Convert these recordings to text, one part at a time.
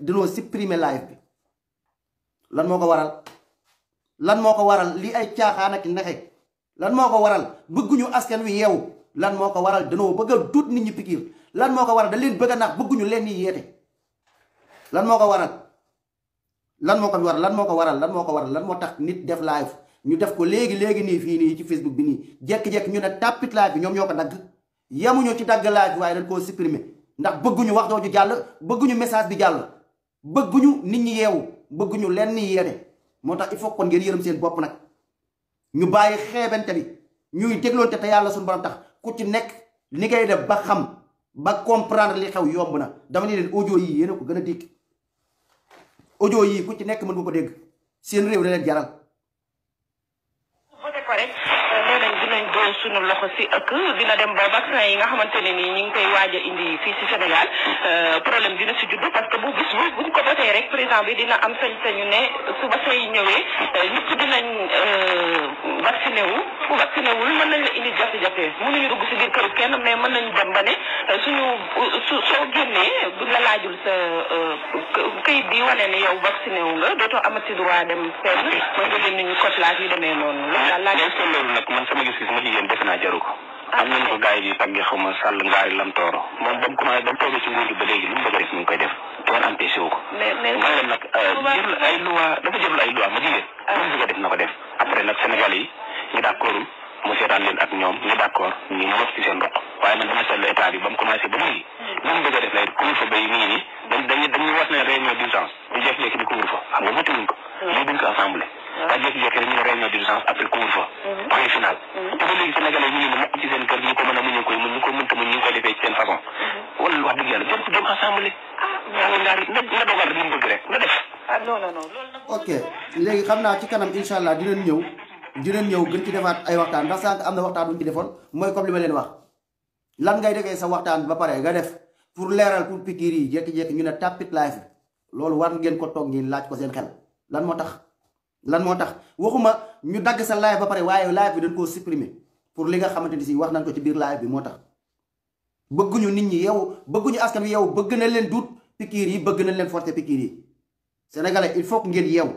dañoo supprimer live bi lan moo ko waral lan moo ko waral lii ay caaxaan ak naxe lan moo ko waral bëgguñu askan wi yeewu lan moo ko waral dañoo bëgg a duut nit ñi pikiir lan moo ko waral da leen bëgg nax bëgguñu leen yi yeete lan moo ko waral lan moo ko waral lan moo ko waral lan moo ko waral lan moo tax nit def live ñu def ko léegi léegi nii fii nii ci Facebook bi nii jékki-jékki ñu ne tàppit live bi ñoom ñoo ko dagg yemuñu ci dagg live waaye dañ koo supprimer ndax bëgguñu wax dooju jàll bëgguñu message bi jàll bëgguñu nit ñi yeewu bëgguñu lenn yéene moo tax il faut kon ngeen yërëm seen bopp nag ñu bàyyi xeebante bi ñuy dégloonte te yàlla suñu borom tax ku ci nekk li ngay def ba xam ba comprendre li xew yomb na dama ne leen audio yi yéen ko gën a dégg ojo yi ku ci nekk mën nga ko dégg seen réew da leen jaral. tegu suñu loxo si ëkk dina dem ba vaccin yi nga xamante ne nii ñu ngi koy waaj a indi fii si Sénégal euh, problème dina si judd parce que bu bis bu buñ ko botee rek président bi dina am sañ-sañu ne su vaccin yi ñëwee euh, ñëpp dinañ euh, vacciné wu ku wul mën nañ la indi jafe-jafe mënuñu dugg si biir këru kenn mais mën nañu dem ba ne suñu soo génnee buñ laajul sa këyit bi wane ne yow vacciné wu nga dootoo amati droit dem fenn mën nga jënd ñu côtelage yu demee leen def naa jaru ko. Ah, am nañu ko gars yi di tàggee xaw ma sàll ngaari lam tooro moom ba mu commencé ba mu toogee ci nguur gi ba léegi lu mu bëgg a def a na ko def. après nag Sénégal yi ñu d' mu seetaan leen ak ñoom ñu d' accord ñu mën seen ndox waaye man dama seetlu état bi ba mu commencé ba léegi. Hmm. lu mu bëgg a def lay couvre fa bay nii nii dañ dañuy wax ne réunion d' urgence ñu jékki-jékki di couvre fa xam nga motuwuñ ko. Hmm. ko assemblée. waaw hmm. jékki-jékki jàppale ah ñaanal naa na na ah, léegi xam naa ci kanam incha allah dinañ ñëw dinañ ñëw gën ci defaat ay waxtaan ndax sànq am na waxtaan bu ñu ci defoon mooy comme li ma leen wax lan ngay defee sa waxtaan ba pare nga def pour leeral pour pikiir yi jékki-jékki ñu ne tapit live loolu war ngeen ko toog ngeen laaj ko seen xel lan moo tax. lan moo tax waxuma ñu dagg sa live ba pare waaye live bi dañ koo supprimer pour li nga xamante ni si wax nañ ko ci biir live bi moo tax. bëgguñu nit ñi yow bëgguñu askan wi yow bëgg na leen duut pikiir yi bëgg na leen forte pikiir yi sénégalais il faut que ngeen yeew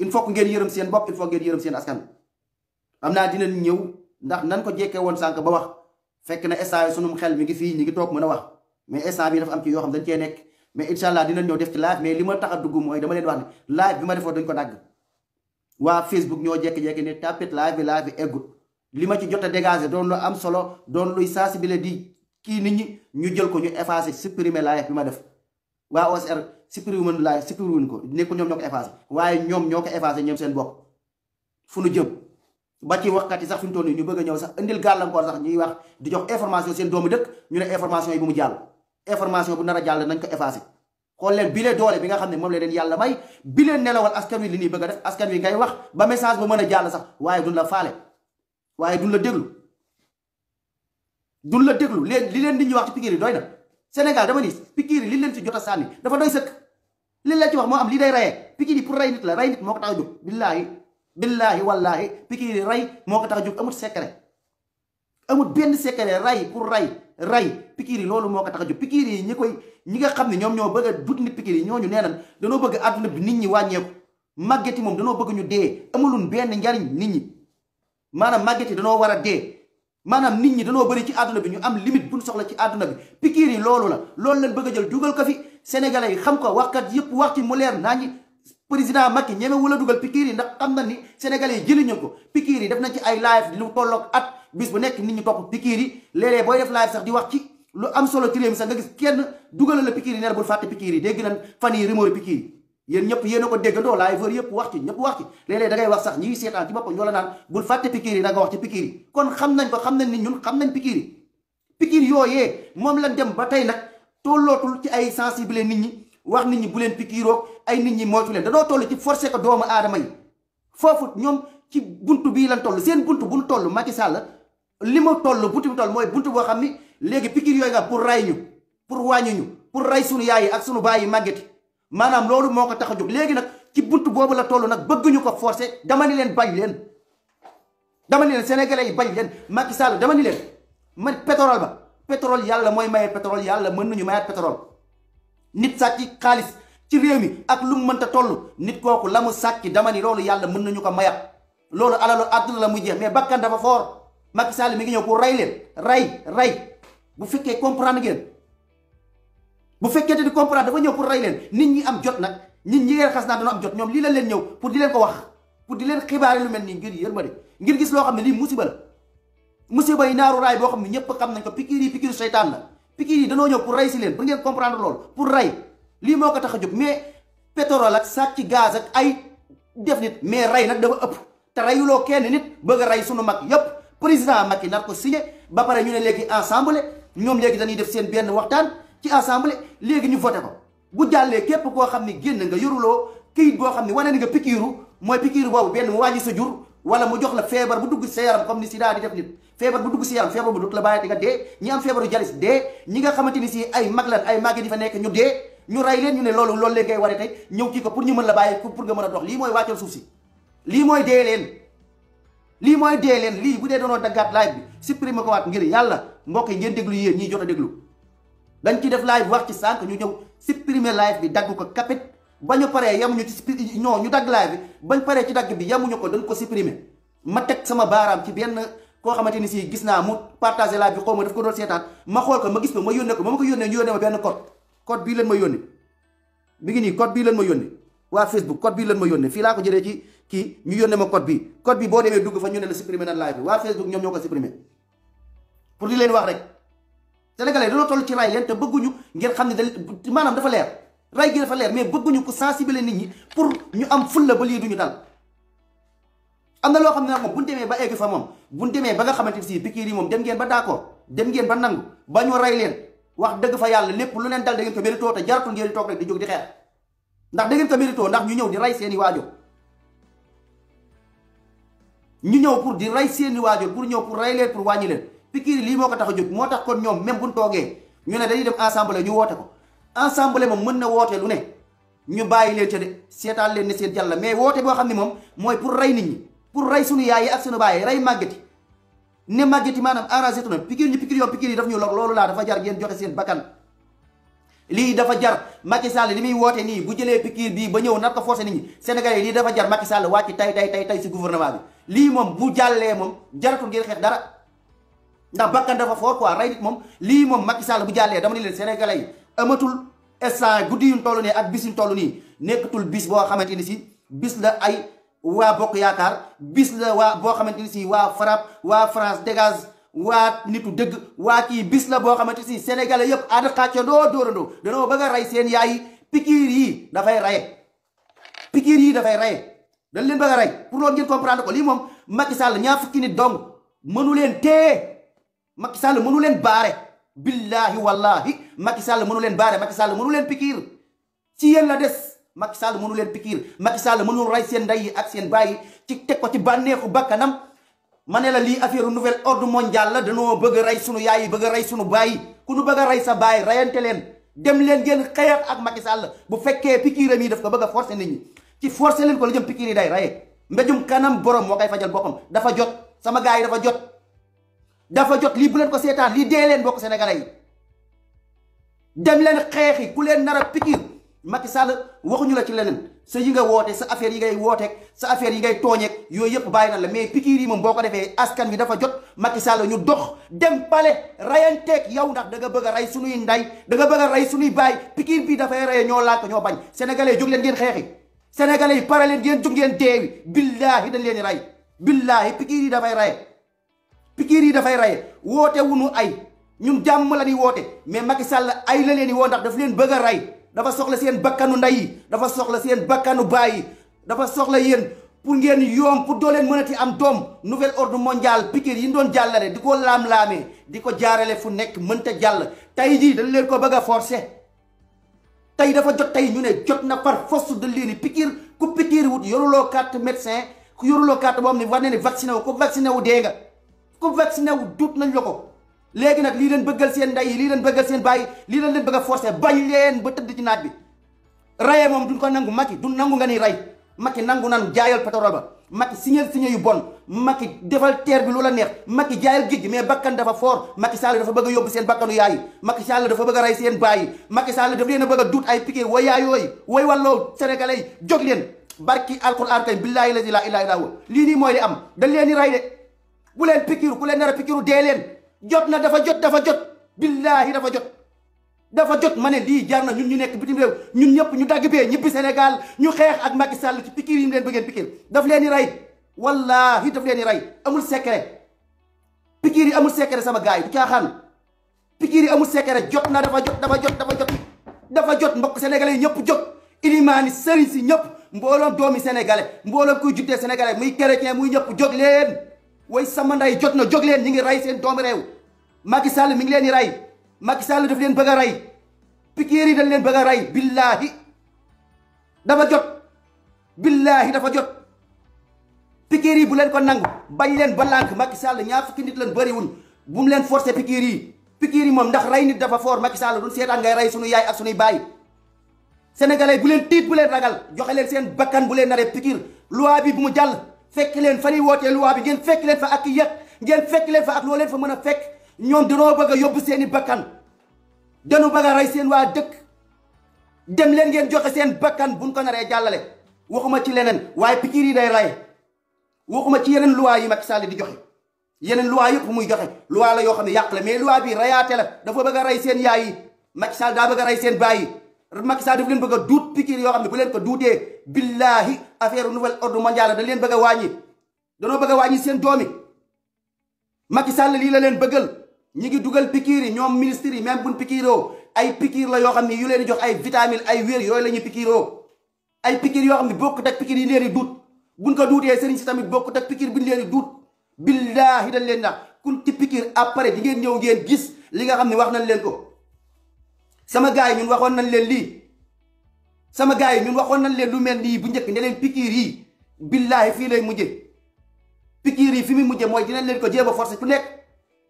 il faut que ngeen yërëm seen bopp il faut ngeen yërëm seen askan am naa dinañ ñëw ndax nan ko jekkee woon sànq ba wax fekk na instant yi sunum xel mi ngi fii ñi ngi toog mën a wax mais instant bi dafa am ci yoo xam dañ cee nekk mais incha allah dinañ ñëw def ci live mais li ma tax a dugg mooy dama leen wax ne live bi ma defoon dañ ko dagg waa Facebook ñoo jékki-jékki ne tapit live bi live bi eggut li ma ci jot a dégagé doon lu am solo doon luy sensibiliser di kii nit ñi ñu jël ko ñu effacé supprimer live bi ma def waa OSR supprimer wuñ live supprimer wuñ ko nekkul ñoom ñoo ko effacé waaye ñoom ñoo ko effacé ñoom seen bopp fu nu jëm ba ci wax yi sax fi mu toll nii ñu bëgg ñëw sax indil gàllankoor sax ñuy wax di jox information seen doomu dëkk ñu ne information yi bu mu jàll information bu nar a jàll nañ ko effacé xool leen bile doole bi nga xam ne moom la leen yàlla may bi leen nelawal askan wi li ñuy bëgg a def askan wi ngay wax ba message ba mën a jàll sax waaye duñ la faale waaye duñ la déglu duñ la déglu leen li leen nit ñi wax ci pikiir yi doy na Sénégal dama ni yi li leen ci jot a dafa doy sëkk li la ci wax moo am lii day rayee pikiir yi pour rey nit la rey nit moo ko tax a jóg billaahi billaahi wallaahi pikiir rey moo ko tax a jóg amut secret amut benn secret rey pour rey rey pikiir yi loolu moo ko tax a jóg pikiir yi ñi koy ñi nga xam ne ñoom ñoo bëgg a dut nit pikiir yi ñooñu nee nan danoo bëgg aduna bi nit ñi wàññeeku màgget yi moom danoo bëgg ñu dee amulun benn njariñ nit ñi maanaam màgget yi danoo war a dee maanaam nit ñi dañoo bari ci àdduna bi ñu am limite bu ñu soxla ci àdduna bi pikiir yi loolu la loolu lañ bëgg a jël dugal ko fi sénégalais yi xam ko wax kat yëpp wax ci mu leer naa ñi président Macky ñeme wala dugal pikiir yi ndax xam na ni sénégalais yi jëliñu ko pikiir yi def nañ ci ay live lu tolloog at bis bu nekk nit ñi topp pikiir yi léeg booy def live sax di wax ci lu am solo ci réew mi sax nga gis kenn dugalal la pikiir yi nee na bul fàtte pikiir yi dégg nañ fan yi rumeur pikiir yi yéen ñëpp yéen ko déggandoo laay fër yëpp wax ci ñëpp wax ci léeg-léeg da ngay wax sax ñiy seetaan ci boppam ñoo la naan bul fàtte pikiir yi da nga wax ci pikiir yi kon xam nañ ko xam nañ ni ñun xam nañ pikiir yi pikiir yooyee moom la dem ba tey nag tollootul ci ay sensibiliser nit ñi wax nit ñi bu leen pikiiroo ay nit ñi moytu leen da doo ci forcé doomu aadama foofu ñoom ci buntu bii lan toll seen buntu bu ñu toll Macky Sall li ma toll buntu bi toll mooy buntu boo xam ni léegi pikiir yooyu nga pour ray ñu pour wàññi ñu pour ray sunu yaay yi ak sunu baay yi màggeti maanaam loolu moo ko tax a jóg léegi nag ci bunt boobu la toll nag bëgguñu ko forcer dama ni leen bañ leen dama ni leen sénégalee yi bañ leen Macky Sall dama ni leen man pétrole ba pétrole yàlla mooy maye pétrole yàlla mën nañu mayaat pétrole nit sàcc xaalis ci réew mi ak lu mu mënta toll nit kooku la mu sàcc dama ni loolu yàlla mën nañu ko mayat loolu alalu àdduna la muy jeex mais bakkan dafa foor Macky Sall mi ngi ñëw pour rey leen rey rey bu fekkee comprendre ngeen bu fekkee te ni comprendre dafa ñëw pour rey leen nit ñi am jot nag nit ñi ngeen naa dañoo am jot ñoom lii la leen ñëw pour di leen ko wax pour di leen xibaare lu mel nii ngir yërmande ngir gis loo xam ne lii musiba la musiba yi naaru raay boo xam ne ñëpp xam nañ ko pikiir yi pikiiru seytaan la pikiir yi dañoo ñëw pour rey si leen pour ngeen comprendre loolu pour ray lii moo ko tax a jóg mais pétrole ak sàcc gaz ak ay def nit mais rey nag dafa ëpp te reyuloo kenn nit bëgg a sunu mag yëpp président Macky nar ko signé ba pare ñu ne léegi ensemble ñoom léegi dañuy def benn waxtaan ci assemblée léegi ñu voté ko bu jàllee képp koo xam ni génn nga yoruloo këyit boo xam ni wane ni nga pikiiru mooy pikiiru boobu benn mu wàññi sa jur wala mu jox la feebar bu dugg sa yaram comme ni si di def nit feebar bu dugg sa yaram feebar bu dut la bàyyi te nga dee ñi am feebaru jalis dee nga xamante ni si ay mag lan ay màgget di fa nekk ñu dee ñu rey leen ñu ne loolu loolu leen ngay waree tey ñëw kii ko pour ñu mën la bàyyi pour mën a dox lii mooy wàccal suuf si lii mooy dee leen lii mooy dee leen lii bu dee doonoo daggaat live bi supprimer ko waat ngir yàlla mbokk yi ngeen déglu yéen ñiy jot a dañu ci def live wax ci sànq ñu ñëw supprimer live bi dagg ko kapit ba ñu paree yemuñu ci non ñu dagg live bi bañ paree ci dagg bi yemuñu ko dañ ko supprimer ma teg sama baaraam ci benn koo xamante ni si gis naa mu partagé live bi xaw ma daf ko doon seetaan ma xool ko ma gis ko ma yónnee ko ma ma ko yónnee ñu yónnee ma benn code code bii leen ma yónnee mi ngi nii code bii leen ma yónnee waa Facebook code bii leen ma yónnee fii laa ko jëlee ci kii ñu yónnee ma code bii code bi boo demee dugg fa ñu ne la supprimer na live bi waa di leen wax rek sénégalais dañoo toll ci ray leen te bëgguñu ngeen xam ne da maanaam dafa leer ray gi dafa leer mais bëgguñu ko sensibiliser nit ñi pour ñu am fulla ba lii duñu dal am na loo xam ne nag moom bu ñu demee ba egg fa moom bu ñu demee ba nga xamante si pikiir yi moom dem ngeen ba d'accord dem ngeen ba nangu ba ñu rey leen wax dëgg fa yàlla lépp lu leen dal da ngeen ko méritoo te jaratul ngeen di toog rek di jóg di xeer ndax da ngeen ko méritoo ndax ñu ñëw di rey seeni waajur ñëw pour di rey seeni waajur pour ñëw pour rey leen wàññi leen Pikine lii moo ko tax a moo tax kon ñoom même buñ toogee ñu ne dañuy dem assemblée ñu woote ko assemblée moom mën na woote lu ne ñu bàyyi leen ca de seetaan leen ne seen jàll mais woote boo xam ne moom mooy pour rey nit ñi pour rey suñu yaay yi ak suñu baay yi rey màggeti ne màggeti maanaam arrangé tu na Pikine ñu Pikine yoom Pikine yi daf ñu lor loolu laa dafa jar ngeen joxe seen bakkan lii dafa jar Macky Sall li muy woote nii bu jëlee Pikine bii ba ñëw nar ko forcé nit ñi Sénégalais yi lii dafa jar Macky Sall wàcc tay tay tay tay si gouvernement bi lii moom bu jàllee moom jaratul ngeen xeex dara ndax bakkan dafa fort quoi rey nit moom lii moom Macky Sall bu jàllee dama ne leen sénégalais yi amatul instant guddi yuñ toll nii ak bis yuñ toll nii nekkatul bis boo xamante ni si bis la ay waa bokk yaakaar bis la waa boo xamante ni si waa FRAPP waa France dégage waa nitu dëgg waa kii bis la boo xamante si sénégalais yëpp ànd doo dóorandoo danoo bëgg a rey seen yaay pikiir yi dafay raye pikiir yi dafay raye dañ leen bëgg a rey pour loolu ngeen comprendre ko lii moom Macky Sall ñaar fukki Macky Sall mënu leen baare billahi wallahi Macky Sall mënu leen baare Macky Sall mënu leen pikiir si yéen la des Macky Sall mënu leen pikiir Macky Sall mënul rey seen ndey ak seen baay ci teg ko ci bànneexu bakkanam ma ne la lii affaire nouvel ordre mondial la dañoo bëgg a rey sunu yaay yi bëgg rey sunu baay ku nu bëgg a rey sa baay reyante leen dem leen ngeen xeex ak Macky Sall bu fekkee pikiiram yi daf ko bëgg a forcer nit ñi ci forcer leen ko la jëm pikiir yi day reye mbéjum kanam borom moo koy fajal boppam dafa jot sama gars yi dafa jot dafa jot lii bu leen ko seetaan lii dee leen bokk sénégalais yi dem leen xeexi ku leen nara a pikir Macky Sall waxuñu la ci leneen sa yi nga woote sa affaire yi ngay wooteeg sa affaire yi ngay tooñeeg yooyu yëpp bàyyi na la mais pikir yi moom boo ko defee askan bi dafa jot Macky Sall ñu dox dem pale rayanteeg yow ndax da nga bëgg a rey suñuy nday da nga bëgg a rey suñuy baay pikir bii dafay reye ñoo lànk ñoo bañ sénégalais jóg leen ngeen xeexi sénégalais yi pare leen ngeen jóg ngeen deewi billaahi dañ leen di rey billaahi pikir yi dafay reye pikiir yi dafay raye woote wunu ay ñun jàmm la ni woote mais Macky Sall ay la leen di woo ndax daf leen bëgg a rey dafa soxla seen bakkanu ndey yi dafa soxla seen bakkanu baay yi dafa soxla yéen pour ngeen yoom pour doo leen mënati am doom nouvelle ordre mondial pikiir yi ñu doon jàllale di ko laam-laamee di ko jaarale fu nekk mënta jàll tey jii dañ leen ko bëgg a forcer tey dafa jot tey ñu ne jot na par force de leen pikiir ku pikiir wut yoruloo carte médecin ku yoruloo carte boo ne war na ne vacciné wu ko vacciné wu ku si wu duut nañ la ko léegi nag lii leen bëggal seen ndey yi lii leen bëggal seen baay yi lii leen leen bëgg a forcé bañ leen ba tëdd ci naaj bi rayee moom duñ ko nangu Macky du nangu nga ni rey Macky nangu naan jaayal pétrole ba Macky signal signé yu bon Macky defal terre bi lu la neex Macky jaayal géej gi mais bakkan dafa fort Macky Sall dafa bëgg yóbbu seen bakkanu yaay yi Macky Sall dafa bëgg a rey seen baay yi Macky Sall dafa leen a bëgg a duut ay piqué way yaayooyu way wàlloo sénégalais yi jóg leen barki alquran kay la ilaha illa lii nii mooy li am dañ leen di rey de bu leen pikiru ku leen nara a pikiru dee leen jot na dafa jot dafa jot billaahi dafa jot dafa jot ma ne lii jar na ñun ñu nekk bitim réew ñun ñëpp ñu dagg bee ñibbi Sénégal ñu xeex ak Macky Sall ci pikir yi mu leen bëggeen leen di rey wallaahi daf leen di amul secret pikir yi amul sama gars yi du caaxaan pikir yi amul secret jot na dafa jot dafa jot dafa jot dafa jot mbokk sénégalais yi ñëpp jóg ilimaani sëriñ si ñëpp mbooloom doomi sénégalais mbooloom kuy juddee sénégalais muy chrétien muy ñëpp jóg leen way sama nday jot na jóg leen ñi ngi rey seen doomu réew Macky sàll mi ngi leen di rey Macky Sall daf leen bëgg a rey pikiir yi dañ leen bëgg a rey billaahi dafa jot billaahi dafa jot pikiir yi bu leen ko nangu bañ leen ba lànk makki sàll ñaar fukki nit leen bëriwuñ bu mu leen forcé pikiir yi pikiir yi moom ndax rey nit dafa foor Macky Sall duñ seetaan ngay rey suñu yaay ak suñuy baay sénégalais bu leen tiit bu leen ragal joxe leen seen bakkan bu leen naree pikiir loi bi bu mu jàll fekk leen fa ñuy wootee luwaa bi ngeen fekk leen fa ak yet ngeen fekk leen fa fa mën a fekk ñoom danoo bëgg a yóbbu seeni i bakkan dañu bëgg a rey seen waa dëkk dem leen ngeen joxe seen bakkan buñ ko naree jàllale waxuma ci leneen waaye pikiir yi day rey ci yeneen luwaa yi Macky Sall di joxe yeneen luwaa yëpp muy joxe luwaa la yoo xam ne yàq la mais luwaa bi reyaate la dafa bëgg a seen yaay yi Macky Sall daa bëgg a seen baay yi Macky Sall daf leen bëgg a duut pikiir yoo xam ne bu leen ko duutee billahi affaire nouvel ordre mondial da leen bëgg a wàññi danoo bëgg a wàññi seen doomi Macky Sall lii la leen bëggal ñi ngi dugal pikiir yi ñoom ministres yi même buñ pikiiroo ay pikiir la yoo xam ne yu leen di jox ay vitamine ay wér yooy la ñuy pikiiroo ay pikiir yoo xam ne bokk ak pikiir yi leen di duut buñ ko duutee sëriñ si tamit bokkut ak pikiir buñ leen di duut billahi dañ leen na kun ci pikiir après di ngeen ñëw ngeen gis li nga xam ne wax nañ leen ko sama gaa yi ñun waxoon nañ leen lii sama gaa yi ñun waxoon nañ leen lu mel nii bu njëkk ne pikiir yi billaahi fii lay mujje pikiir yi fi mu mujje mooy dinañ leen ko jéem a forcé ku nekk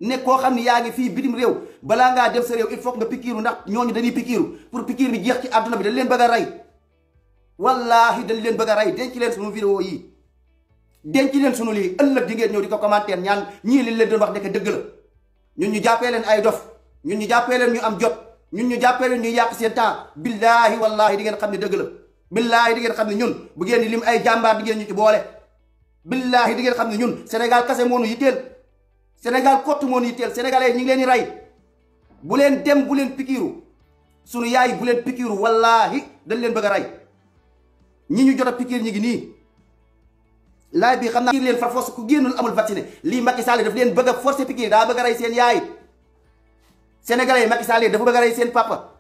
nekk ko xam ne yaa ngi fii bitim réew balaa ngaa dem sa réew il faut nga pikiiru ndax ñooñu dañuy pikiiru pour pikiir bi jeex ci àdduna bi dañ leen bëgg a rey wallaahi dañ leen bëgg a rey denc leen sunu vidéo yi denc leen sunu lii ëllëg di ngeen ñëw di ko commentaire ñaan ñii li leen doon wax nekk dëgg la ñun ñu jàppee leen ay dof ñun ñu jàppee leen ñu am jot ñun ñu jàppee leen ñu yàq seen temps billaahi wallaahi di ngeen xam ne dëgg la billaahi di ngeen xam ne ñun bu ngeen di lim ay jàmbaar di ngeen ñu ci boole billaahi di ngeen xam ne ñun Sénégal kase moonu yitteel Sénégal kott moonu yitteel sénégalais ñu ngi leen di rey bu leen dem bu leen pikiiru sunu yaay bu leen pikiiru wallaahi dañ leen bëgg a ñi ñu jot a pikiir ñi ngi nii laaj bi xam naa pikiir leen far force ku génnul amul vacciné lii Macky Sall daf leen bëgg a forcer daa bëgg rey seen yaay sénégalais yi Macky Sall dafa bëgg a rey seen papa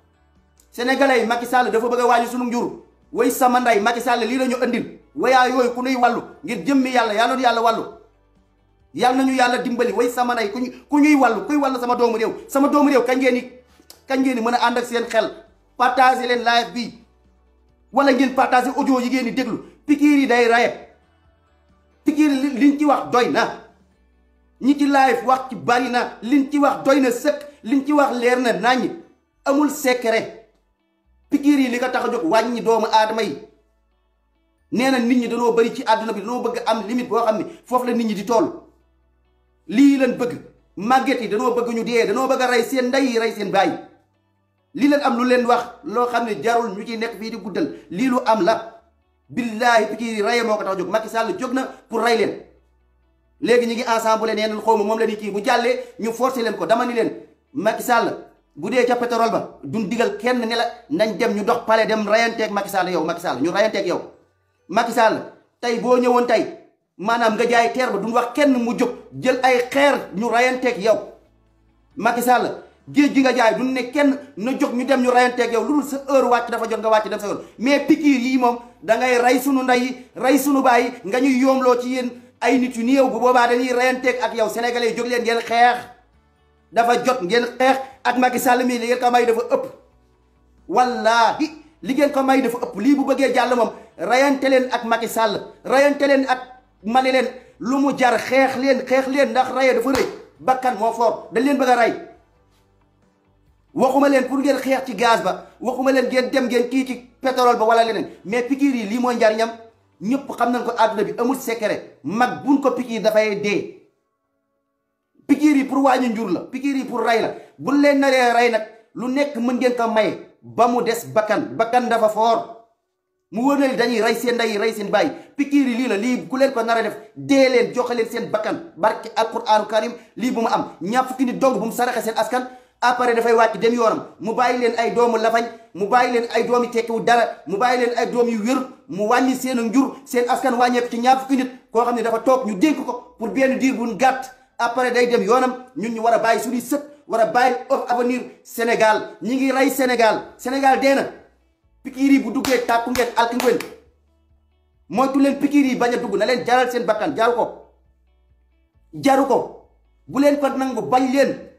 sénégalais yi Macky Sall dafa bëgg a wàññi sunu njur way sama nday Macky Sall lii la ñu andil wayaa yooyu ku nuy wàllu ngir jëmmi yàlla yàlla nu yàlla wàllu yàlla nañu yàlla dimbali way sama nday ku ku ñuy wàllu kuy wàllu sama doomu réew sama doomu réew kañ ngeen ni kañ ngeen ni mën a ànd ak seen xel partager leen live bi wala ngeen partager ojo yi ngeen di déglu pikiir yi day rayet pikiir liñ ci wax doy na ñi ci live wax ci bari na liñ ci wax doy na sëkk liñ ci wax leer na naññ amul secret pikiir yi li ko tax jóg wàññi doomu aadama yi nee na nit ñi danoo bari ci àdduna bi danoo bëgg am limite boo xam ne foofu la nit ñi di tool lii leen bëgg màgget yi danoo bëgg ñu dee danoo bëgg a rey seen ndey yi rey seen baay lii leen am lu leen wax loo xam ne jarul ñu ci nekk fii di guddal lii lu am la billaahi pikiir yi reye moo ko tax a jóg Macky Sall jóg na pour rey leen léegi ñu ngi ensemble nee nañ xaw ma moom la ni kii bu jàllee ñu forcé leen ko dama ni leen Macky Sall bu dee ca pétrole ba duñ digal kenn ne la nañ dem ñu dox pale dem rayanteeg Macky Sall yow Macky Sall ñu rayanteeg yow Macky Sall tey boo ñëwoon tey maanaam nga jaay teer ba duñ wax kenn mu jóg jël ay xeer ñu rayanteeg yow Macky Sall géej gi nga jaay duñ ne kenn na jóg ñu dem ñu rayanteeg yow lu dul sa heure wàcc dafa jot nga wàcc dafa sa yoon mais pikiir yi moom da ngay rey sunu ndey rey sunu baay nga ñuy yoomloo ci yéen ay nit yu néew bu boobaa dañuy reyanteeg ak yow sénégalais yi jóg leen ngeen xeex dafa jot ngeen xeex ak Macky sàll mii li ngeen ko may dafa ëpp wallaahi li ngeen ko may dafa ëpp lii bu bëggee jàll moom reyante leen ak Macky Sall reyante leen ak mali leen lu mu jar xeex leen xeex leen ndax reye dafa rëy bakkan moo foor dañ leen bëgg a rey waxuma leen pour ngeen xeex ci gas ba waxuma leen ngeen dem ngeen kii ci pétrole ba wala leneen mais pikiir yi lii mooy njariñam ñëpp xam nañ ko àdduna bi amul secret mag buñ ko pikiir dafay dee pikiir yi pour wàññi njur la pikiir yi pour rey la buñ leen naree rey nag lu nekk mën ngeen ko maye ba mu des bakkan bakkan dafa foor mu wóor na dañuy rey seen ndey rey seen bàyyi pikiir yi lii la lii ku leen ko nar a def dee leen joxe leen seen bakkan barke alquraanu karim lii bu mu am ñaar fukki nit dong bu mu saraxe seen askan après dafay wàcc dem yoonam mu bàyyi leen ay doomu lafañ mu bàyyi leen ay doom yu tekkiwu dara mu bàyyi leen ay doom yu wér mu wàññi seen njur seen askan wàññeeku ci ñaar fukki nit koo xam ne dafa toog ñu dénk ko pour benn diir bu gàtt après day dem yoonam ñun ñu war a bàyyi suñuy sët war a bàyyi of avenir Sénégal ñi ngi ray Sénégal Sénégal dee na pikiir yi bu duggee tàkku ngeen alki ngeen moytu leen pikiir yi bañ a dugg na leen jaral seen bakkan jaru ko jaru ko leen ko nangu bañ leen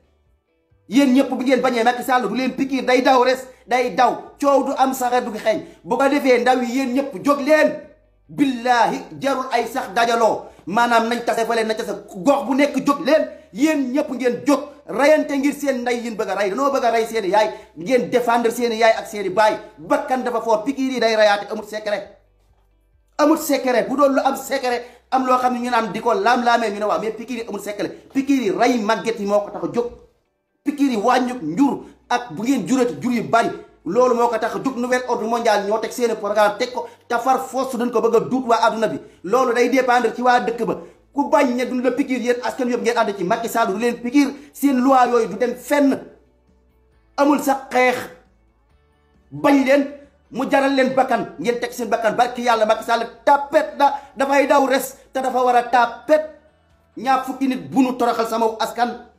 yéen ñëpp bu ngeen bañee Macky Sall bu leen pikiir day daw res day daw coow du am saxar du xeeñ bu ko defee ndaw yi yéen ñëpp jóg leen billaahi jarul ay sax dajaloo maanaam nañ tase fa leen nañ tase gox bu nekk jóg leen yéen ñëpp ngeen jóg rayante ngir seen nday yin bëgg a rey danoo bëgg a rey seeni yaay ngeen défendre seen yaay ak seeni baay bakkan dafa foor pikiir day rayaate amut secret amut secret bu doon lu am secret am loo xam ne ñu naan di ko laam-laamee ñu ne waaw mais pikiir yi amul secret pikiir yi rey màgget yi moo ko tax a jóg pikiir yi wàññi njur ak bu ngeen jurati jur yu bari loolu moo ko tax jug nouvel ordre mondial ñoo teg seeni programme teg ko tafar force dañ ko bëgg a duut waa adduna bi loolu day dépendre ci waa dëkk ba ku bañ ne du la pikiir askan yëpp ngeen ànd ci Macky Sall du leen seen loi yooyu du dem fenn amul sax xeex bañ leen mu jaral leen bakkan ngeen teg seen bakkan barki yàlla Macky Sall tapet na dafay daw res te dafa war a tapet ñaar fukki nit bu nu toroxal sama askan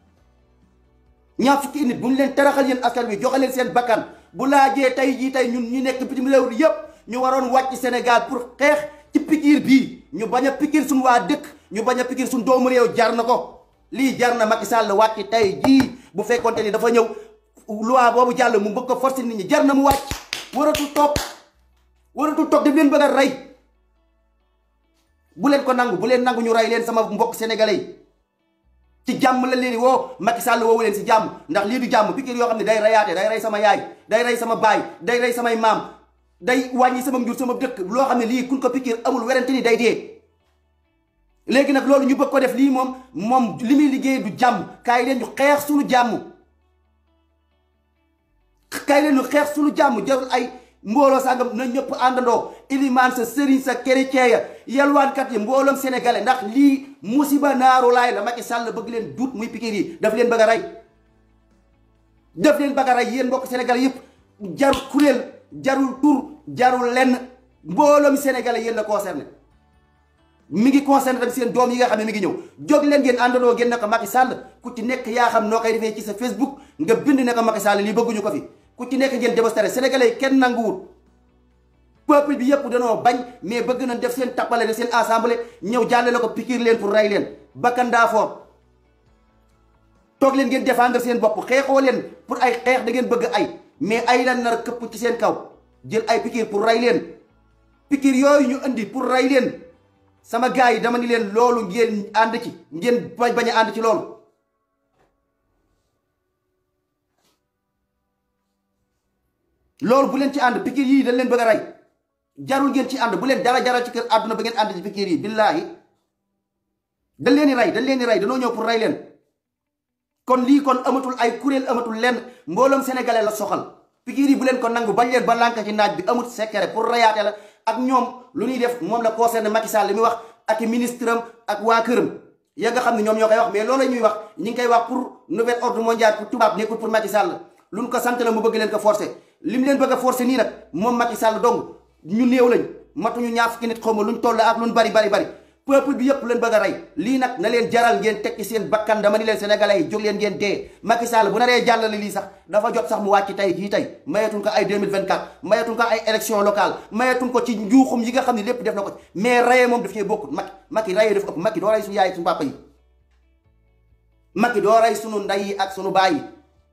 ñaar fukki nit bu ñu leen taraxal yéen askan wi joxe leen seen bakkan bu laajee tey jii tey ñun ñu nekk bitim réew yépp ñu waroon wàcc senegal pour xeex ci pikiir bii ñu bañ a pikiir suñu waa dëkk ñu bañ a pikiir suñ doomu réew jar na ko lii jar na Macky Sall wàcc tey jii bu fekkonte ni dafa ñëw loi boobu jàll mu bëgg ko forcer nit ñi jar na mu wàcc waratul toog waratul toog daf leen bëgg a rey bu leen ko nangu bu leen nangu ñu rey leen sama mbokk sénégalais yi ci jàmm la leen woo Macky Sall woowu leen si jàmm ndax lii du jàmm piqûre yoo xam ne day rayaate day rey sama yaay day rey sama baay day rey samay maam day wàññi sama njur sama dëkk loo xam ne lii kun ko piqûre amul werante ni day dee léegi nag loolu ñu bëgg ko def lii moom moom li muy liggéey du jàmm kaay leen du xeex suñu jàmm kaay leen ñu xeex suñu jàmm jarul ay mbooloo sàngam na ñëpp àndandoo ilimaan sa sëriñ sa chrétien ya yalwaankat yi mbooloom sénégalais ndax lii musiba naaru laay la Macky Sall bëgg leen duut muy pikiir yi daf leen bëgg a rey daf leen bëgg a rey yéen mbokk sénégalais yëpp jarul kuréel jarul tur jarul lenn mbooloom sénégalais yéen la concerné mi ngi concerné tamit seen doom yi nga xam ne mi ngi ñëw jóg leen ngeen àndandoo ngeen ne ko Macky ku ci nekk yaa xam noo koy defee ci sa Facebook nga bind ne ko Macky Sall lii bëgguñu ko fi ku ci nekk ngeen démonstré sénégalais yi kenn nanguwut peuple bi yëpp danoo bañ mais bëgg nañ def seen tappale def seen assemblée ñëw jàllale ko pikiir leen pour rey leen bakkan toog leen ngeen défendre seen bopp xeexoo leen pour ay xeex da ngeen bëgg ay mais ay lan nar këpp ci seen kaw jël ay pikiir pour rey leen pikiir yooyu ñu indi pour rey leen sama gars yi dama ni leen loolu ngeen ànd ci ngeen bañ a ànd ci loolu loolu bu leen ci ànd pikir yii dañ leen bëgg a rey jarul ngeen ci ànd bu leen dara jaral ci kër àdduna ba ngeen ànd ci pikir yi billaahi dañ leen di rey dañ leen di rey danoo ñëw pour rey leen kon lii kon amatul ay kuréel amatul lenn mbooloom sénégalais la soxal pikir yi bu leen ko nangu bañ leen ba lànk ci naaj bi amut secret pour reyaate la ak ñoom lu ñuy def moom la concerne Macky Sall li muy wax ak ministre am ak waa këram ya nga xam ne ñoom ñoo koy wax mais loolu ñuy wax ñi ngi koy wax pour nouvel ordre tubaab nekkul pour Macky Sall lu ñu ko sant la mu bëgg leen ko forcer lim leen bëgg a forcé nii nag moom Macky Sall dong ñu néew lañ matuñu ñaar fukki nit xaw ma luñ toll ak luñ bari bari bari peuple bi yëpp leen bëgg rey lii nag na leen jaral ngeen tekki seen bakkan dama ni leen sénégalais yi jóg leen ngeen dee Macky Sall bu naree jàllale lii sax dafa jot sax mu wàcc tey jii tey mayetuñ ko ay 2024 mayetuñ ko ay élection locale mayetuñ ko ci njuuxum yi nga xam ne lépp def na ko ci mais rayee moom daf cee bokkut Macky Macky rayee daf ëpp doo rey suñu yaay suñu papa yi Macky doo rey suñu ndey yi ak suñu baay yi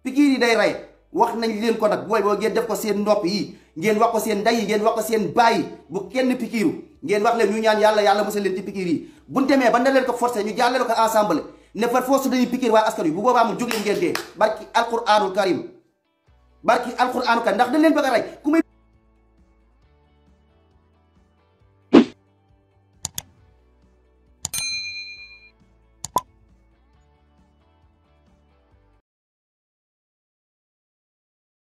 pikiir yi day rey wax nañ leen ko nag booy ngeen def ko seen ndopp yi ngeen wax ko seen ndey yi ngeen wax ko seen baay yi bu kenn pikiiru ngeen wax leen ñu ñaan yàlla yàlla mosal leen ci pikiir yi buñ demee ba na leen ko forcé ñu jàllale ko assemblée ne par force dañuy pikiir waa askan bu boobaa mu jóg ngeen dee barki alquranul karim barki alquranul karim ndax dañ leen bëgg a rey ku may